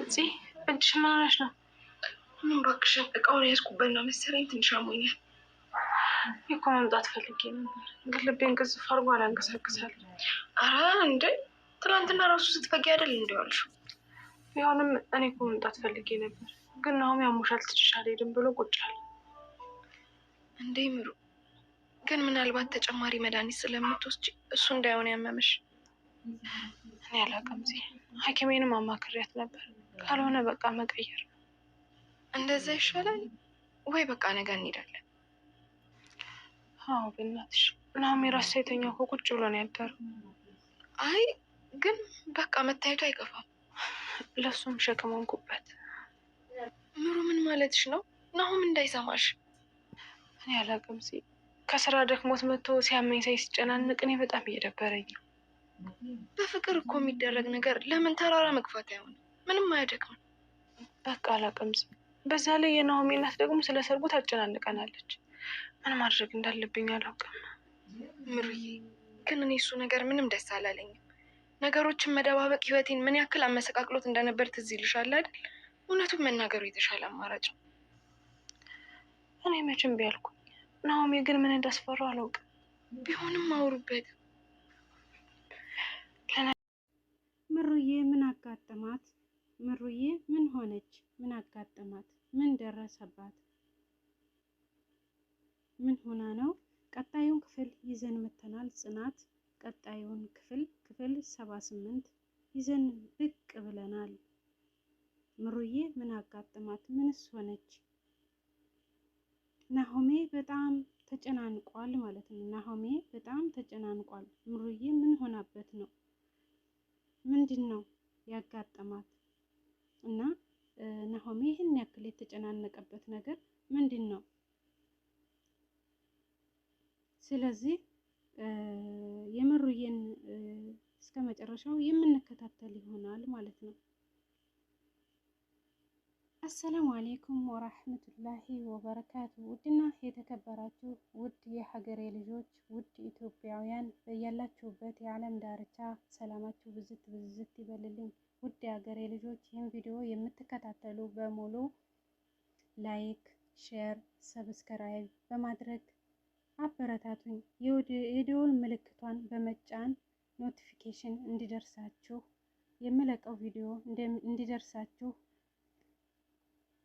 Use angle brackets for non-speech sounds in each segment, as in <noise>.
እጽ እጅሽ ምን ሆነሽ ነው? ምን እባክሽን፣ እቃውን ያዝኩበት ነው መሰለኝ ትንሽ አሞኛል እኮ መምጣት ፈልጌ ነበር፣ ግን ልቤን ቅዝፍ አድርጎ አላንቀሳቅሳል። አረ እንዴ ትናንትና ራሱ ስትፈጊ አይደል እንዲዋልሹ። ቢሆንም እኔ እኮ መምጣት ፈልጌ ነበር፣ ግን አሁን ያሞሻል ትችሽ አልሄድም ብሎ ቁጫል። እንዴ ምሩ፣ ግን ምናልባት ተጨማሪ መድኃኒት ስለምትወስጂ እሱ እንዳይሆን ያመመሽ። እኔ አላውቅም። ሐኪሜንም አማክሪያት ነበር ካልሆነ በቃ መቀየር እንደዛ ይሻላል ወይ በቃ ነገ እንሄዳለን። አዎ በእናትሽ ለአሜራ ሳይተኛው እኮ ቁጭ ብሎ ነው ያደረው። አይ ግን በቃ መታየቱ አይቀፋም ለሱም ሸክም ሆንኩበት። ምሩ ምን ማለትሽ ነው? ናሁም እንዳይሰማሽ። እኔ አላውቅም ሲ ከስራ ደክሞት መጥቶ ሲያመኝ ሳይ ሲጨናንቅ እኔ በጣም እየደበረኝ ነው። በፍቅር እኮ የሚደረግ ነገር ለምን ተራራ መግፋት አይሆንም? ምንም አያደግም። በቃ አላቅምስ። በዛ ላይ የናሆሜ እናት ደግሞ ስለ ሰርጉ ታጨናንቀናለች። ምን ማድረግ እንዳለብኝ አላውቅም። ምሩዬ ግን እኔ እሱ ነገር ምንም ደስ አላለኝም። ነገሮችን መደባበቅ ህይወቴን ምን ያክል አመሰቃቅሎት እንደነበር ትዝ ይልሻል አይደል? እውነቱን መናገሩ የተሻለ አማራጭ ነው። እኔ መቼም ቢያልኩኝ ናሆሚ ግን ምን እንዳስፈራው አላውቅም። ቢሆንም አውሩበት። ምሩዬ ምን አጋጠማት? ምሩዬ ምን ሆነች? ምን አጋጠማት? ምን ደረሰባት? ምን ሆና ነው? ቀጣዩን ክፍል ይዘን መተናል። ጽናት ቀጣዩን ክፍል ክፍል ሰባ ስምንት ይዘን ብቅ ብለናል። ምሩዬ ምን አጋጠማት? ምንስ ሆነች? ናሆሜ በጣም ተጨናንቋል ማለት ነው። ናሆሜ በጣም ተጨናንቋል። ምሩዬ ምን ሆናበት ነው? ምንድን ነው ያጋጠማት? እና ናሆሜ ይህን ያክል የተጨናነቀበት ነገር ምንድን ነው? ስለዚህ የምሩዬን እስከ መጨረሻው የምንከታተል ይሆናል። አሰላሙ አሌይኩም ወራህመቱላሂ ወበረካቱ። ውድና የተከበራችሁ ውድ የሀገሬ ልጆች ውድ ኢትዮጵያውያን በያላችሁበት የዓለም ዳርቻ ሰላማችሁ ብዝት ብዝት ይበልልኝ። ውድ የሀገሬ ልጆች ይህን ቪዲዮ የምትከታተሉ በሙሉ ላይክ፣ ሼር፣ ሰብስክራይብ በማድረግ አበረታቱኝ። የደወል ምልክቷን በመጫን ኖቲፊኬሽን እንዲደርሳችሁ የምለቀው ቪዲዮ እንዲደርሳችሁ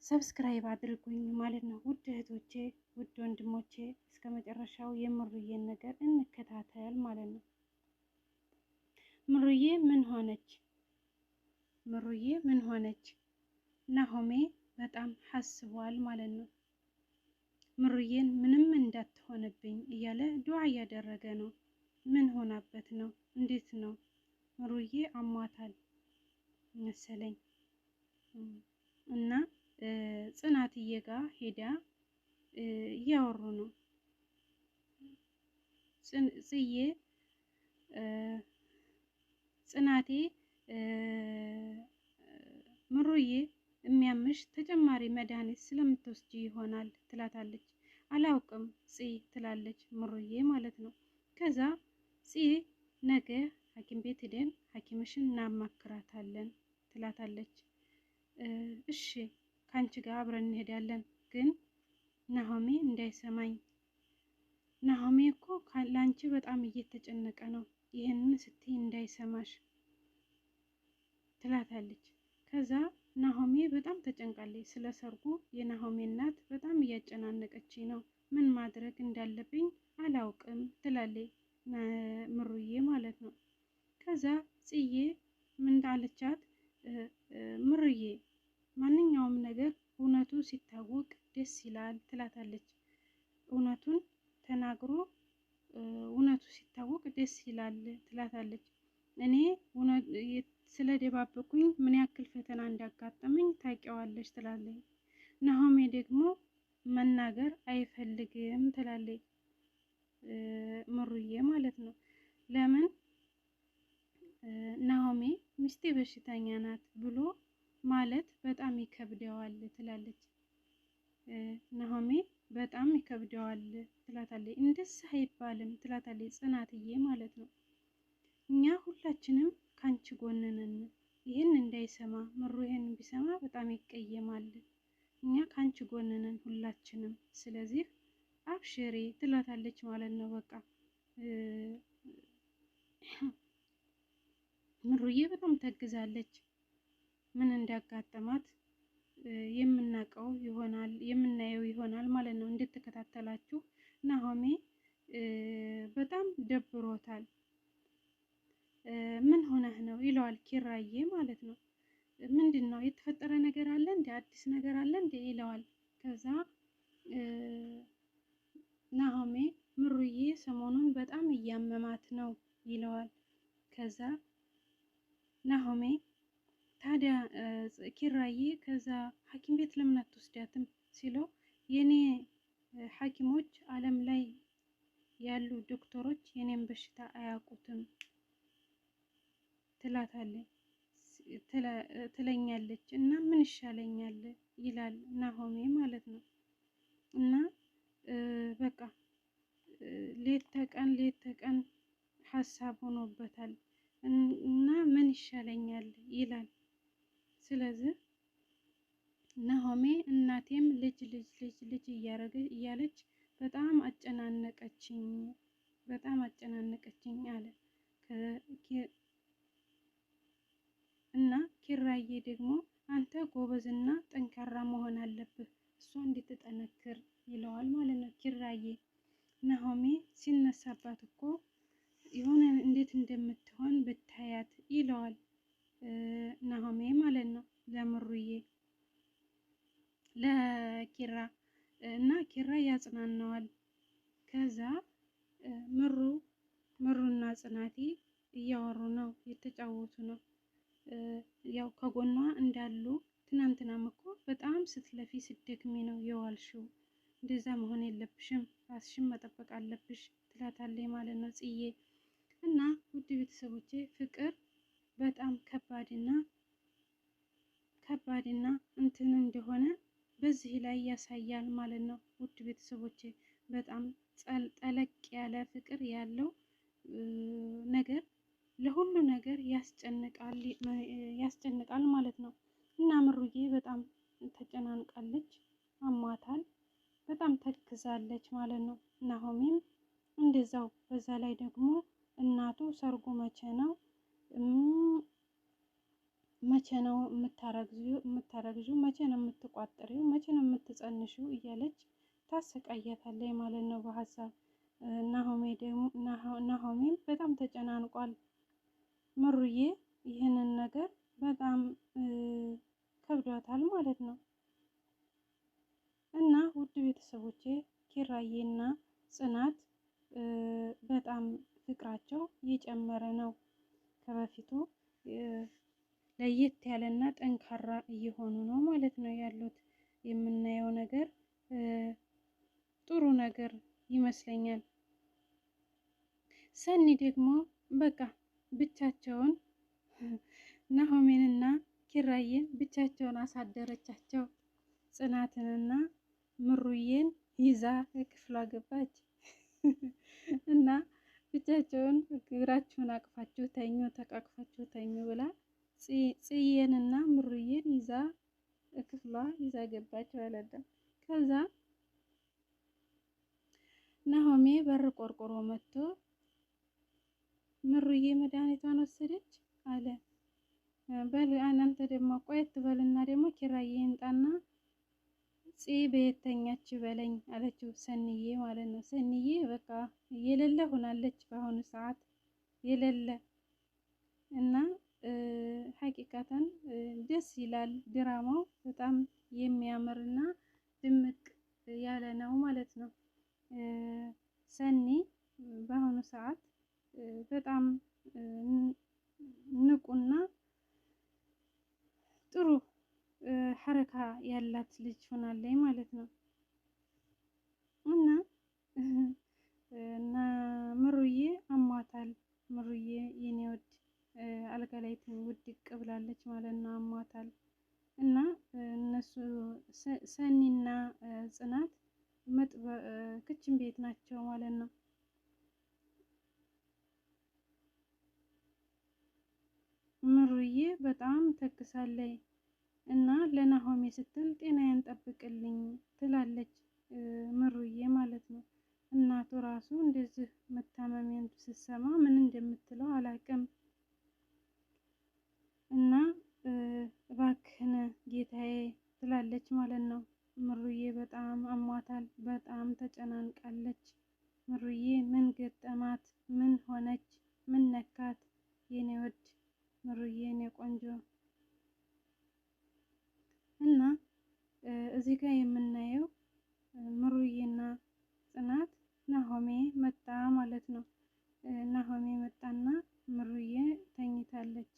ሰብስክራይብ አድርጉኝ ማለት ነው። ውድ እህቶቼ፣ ውድ ወንድሞቼ እስከ መጨረሻው የምሩዬን ነገር እንከታተል ማለት ነው። ምሩዬ ምን ሆነች? ምሩዬ ምን ሆነች? ናሆሜ በጣም ሀስቧል ማለት ነው። ምሩዬን ምንም እንዳትሆንብኝ እያለ ዱዓ እያደረገ ነው። ምን ሆናበት ነው? እንዴት ነው? ምሩዬ አሟታል መሰለኝ እና ጽናትዬ ጋር ሄዳ እያወሩ ነው። ጽዬ ጽናቴ ምሩዬ የሚያምሽ ተጨማሪ መድኃኒት ስለምትወስጂ ይሆናል ትላታለች። አላውቅም ጽ ትላለች ምሩዬ ማለት ነው። ከዛ ጽ ነገ ሐኪም ቤት ሄደን ሐኪምሽን እናማክራታለን ትላታለች። እሺ ከአንቺ ጋር አብረን እንሄዳለን። ግን ናሆሜ እንዳይሰማኝ። ናሆሜ እኮ ለአንቺ በጣም እየተጨነቀ ነው። ይህንን ስትይ እንዳይሰማሽ ትላታለች። ከዛ ናሆሜ በጣም ተጨንቃለች። ስለ ሰርጉ የናሆሜ እናት በጣም እያጨናነቀች ነው። ምን ማድረግ እንዳለብኝ አላውቅም ትላለች ምሩዬ ማለት ነው። ከዛ ጽዬ ምን ምሩዬ ማንኛውም ነገር እውነቱ ሲታወቅ ደስ ይላል ትላታለች። እውነቱን ተናግሮ እውነቱ ሲታወቅ ደስ ይላል ትላታለች። እኔ ስለደባበቁኝ ምን ያክል ፈተና እንዳጋጠመኝ ታውቂዋለች ትላለች። ናሆሜ ደግሞ መናገር አይፈልግም ትላለች። ምሩዬ ማለት ነው። ለምን ናሆሜ ሚስቴ በሽተኛ ናት ብሎ ማለት በጣም ይከብደዋል ትላለች። ናሆሜ በጣም ይከብደዋል ትላታለች። እንደስ አይባልም ትላታለች ጽናትዬ ማለት ነው። እኛ ሁላችንም ካንቺ ጎን ነን። ይህን እንዳይሰማ ምሩ ይህን ቢሰማ በጣም ይቀየማል። እኛ ካንቺ ጎን ነን ሁላችንም። ስለዚህ አብሽሬ ትላታለች ማለት ነው። በቃ ምሩዬ በጣም ተግዛለች። ምን እንዳጋጠማት የምናውቀው ይሆናል የምናየው ይሆናል ማለት ነው። እንድትከታተላችሁ ናሆሜ በጣም ደብሮታል። ምን ሆነህ ነው ይለዋል ኪራዬ ማለት ነው። ምንድን ነው የተፈጠረ ነገር አለ እንደ አዲስ ነገር አለ እንደ ይለዋል። ከዛ ናሆሜ ምሩዬ ሰሞኑን በጣም እያመማት ነው ይለዋል። ከዛ ናሆሜ ታዲያ ኪራዬ ከዛ ሐኪም ቤት ለምን አትወስዳትም ሲለው የኔ ሐኪሞች ዓለም ላይ ያሉ ዶክተሮች የኔን በሽታ አያውቁትም ትላታለች ትለኛለች እና ምን ይሻለኛል ይላል ናሆሜ ማለት ነው። እና በቃ ሌት ተቀን ሌት ተቀን ሀሳብ ሆኖበታል እና ምን ይሻለኛል ይላል። ስለዚህ ናሆሜ እናቴም ልጅ ልጅ ልጅ ልጅ እያለች በጣም አጨናነቀችኝ በጣም አጨናነቀችኝ አለ። እና ኪራዬ ደግሞ አንተ ጎበዝና ጠንካራ መሆን አለብህ እሷ እንድትጠነክር ይለዋል ማለት ነው። ኪራዬ ናሆሜ ሲነሳባት እኮ የሆነ እንዴት እንደምትሆን ብታያት ይለዋል። ናሆሜ ማለት ነው ለምሩዬ ለኪራ እና ኪራ ያጽናናዋል። ከዛ ምሩ ምሩና ጽናቴ እያወሩ ነው፣ የተጫወቱ ነው። ያው ከጎኗ እንዳሉ ትናንትናም እኮ በጣም ስትለፊ ስደክሚ ነው የዋልሽው፣ እንደዛ መሆን የለብሽም ራስሽን መጠበቅ አለብሽ ትላታለች ማለት ነው ጽዬ እና ውድ ቤተሰቦቼ ፍቅር በጣም ከባድና ከባድና እንትን እንደሆነ በዚህ ላይ ያሳያል ማለት ነው። ውድ ቤተሰቦች በጣም ጠለቅ ያለ ፍቅር ያለው ነገር ለሁሉ ነገር ያስጨንቃል ያስጨንቃል ማለት ነው። እና ምሩዬ በጣም ተጨናንቃለች፣ አሟታል፣ በጣም ተክዛለች ማለት ነው። ናሆሜም እንደዛው። በዛ ላይ ደግሞ እናቱ ሰርጉ መቼ ነው መቼ ነው የምታረግዙ? መቼ ነው የምትቋጠሪው? መቼ ነው የምትጸንሺው? እያለች ታሰቃያታለች ማለት ነው በሀሳብ ናሆሜም በጣም ተጨናንቋል። ምሩዬ ይህንን ነገር በጣም ከብዷታል ማለት ነው። እና ውድ ቤተሰቦቼ ኪራዬና ጽናት በጣም ፍቅራቸው እየጨመረ ነው። ከበፊቱ ለየት ያለና ጠንካራ እየሆኑ ነው ማለት ነው ያሉት። የምናየው ነገር ጥሩ ነገር ይመስለኛል። ሰኒ ደግሞ በቃ ብቻቸውን <laughs> ናሆሜንና ኪራዬን ብቻቸውን አሳደረቻቸው። ጽናትንና ምሩዬን ይዛ ክፍሏ ገባች <laughs> እና ብቻቸውን እግራችሁን አቅፋችሁ ተኙ፣ ተቃቅፋችሁ ተኙ ብላ ጽዬንና ምሩዬን ይዛ ክፍሏ ይዛ ገባቸው አለብን። ከዛ ናሆሜ በር ቆርቆሮ መጥቶ ምሩዬ መድኃኒቷን ወሰደች አለ። በል እናንተ ደግሞ ቆየት በልና ደግሞ ኪራዬ ይምጣና ፂ በየተኛች በለኝ አለችው ሰንዬ ማለት ነው። ሰንዬ በቃ የሌለ ሆናለች በአሁኑ ሰዓት የሌለ እና ሀቂቃተን ደስ ይላል። ድራማው በጣም የሚያምር እና ድምቅ ያለ ነው ማለት ነው። ሰኒ በአሁኑ ሰዓት በጣም ንቁና ጥሩ ሐረካ ያላት ልጅ ሆናለች ማለት ነው። እና እና ምሩዬ አሟታል። ምሩዬ የኔ ውድ አልጋ ላይ ውድቅ ብላለች ማለት ነው። አሟታል እና እነሱ ሰኒና ጽናት መጥበ ክችን ቤት ናቸው ማለት ነው። ምሩዬ በጣም ተክሳለች። እና ለናሆሜ ስትል ጤናዬን ጠብቅልኝ ትላለች ምሩዬ ማለት ነው። እናቱ ራሱ እንደዚህ መታመሜን ስትሰማ ምን እንደምትለው አላውቅም። እና እባክህን ጌታዬ ትላለች ማለት ነው። ምሩዬ በጣም አሟታል፣ በጣም ተጨናንቃለች። ምሩዬ ምን ገጠማት? ምን ሆነች? ምን ነካት? የኔ ወድ ምሩዬ የኔ ቆንጆ እና እዚህ ጋር የምናየው ምሩዬና ጽናት ናሆሜ መጣ ማለት ነው። ናሆሜ መጣና ምሩዬ ተኝታለች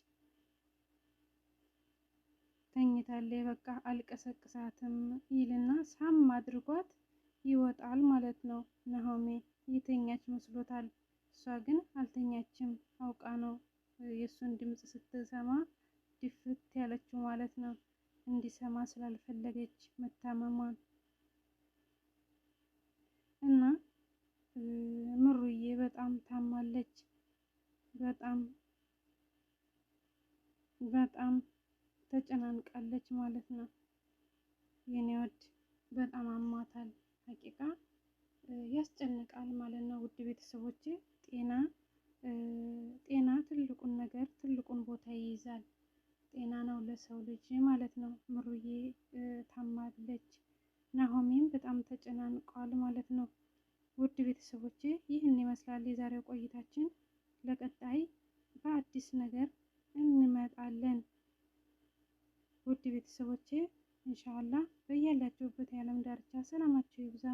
ተኝታለች በቃ አልቀሰቅሳትም ይልና ሳም አድርጓት ይወጣል ማለት ነው። ናሆሜ የተኛች መስሎታል። እሷ ግን አልተኛችም። አውቃ ነው የእሱን ድምፅ ስትሰማ ድፍት ያለችው ማለት ነው። እንዲሰማ ስላልፈለገች መታመሟን እና ምሩዬ በጣም ታማለች። በጣም በጣም ተጨናንቃለች ማለት ነው። የኔ ወድ በጣም አማታል። ሀቂቃ ያስጨንቃል ማለት ነው። ውድ ቤተሰቦች ጤና ጤና ትልቁን ነገር ትልቁን ቦታ ይይዛል። ጤና ነው ለሰው ልጅ ማለት ነው። ምሩዬ ታማለች። ናሆሜም በጣም ተጨናንቋል ማለት ነው። ውድ ቤተሰቦች ይህን ይመስላል የዛሬው ቆይታችን። ለቀጣይ በአዲስ ነገር እንመጣለን። ውድ ቤተሰቦቼ እንሻላ በያላችሁበት የዓለም ዳርቻ ሰላማችሁ ይብዛ።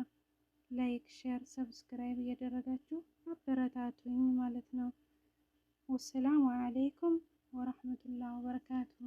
ላይክ፣ ሼር፣ ሰብስክራይብ እያደረጋችሁ አበረታቱኝ ማለት ነው። ወሰላሙ አሌይኩም ورحمة الله وبركاته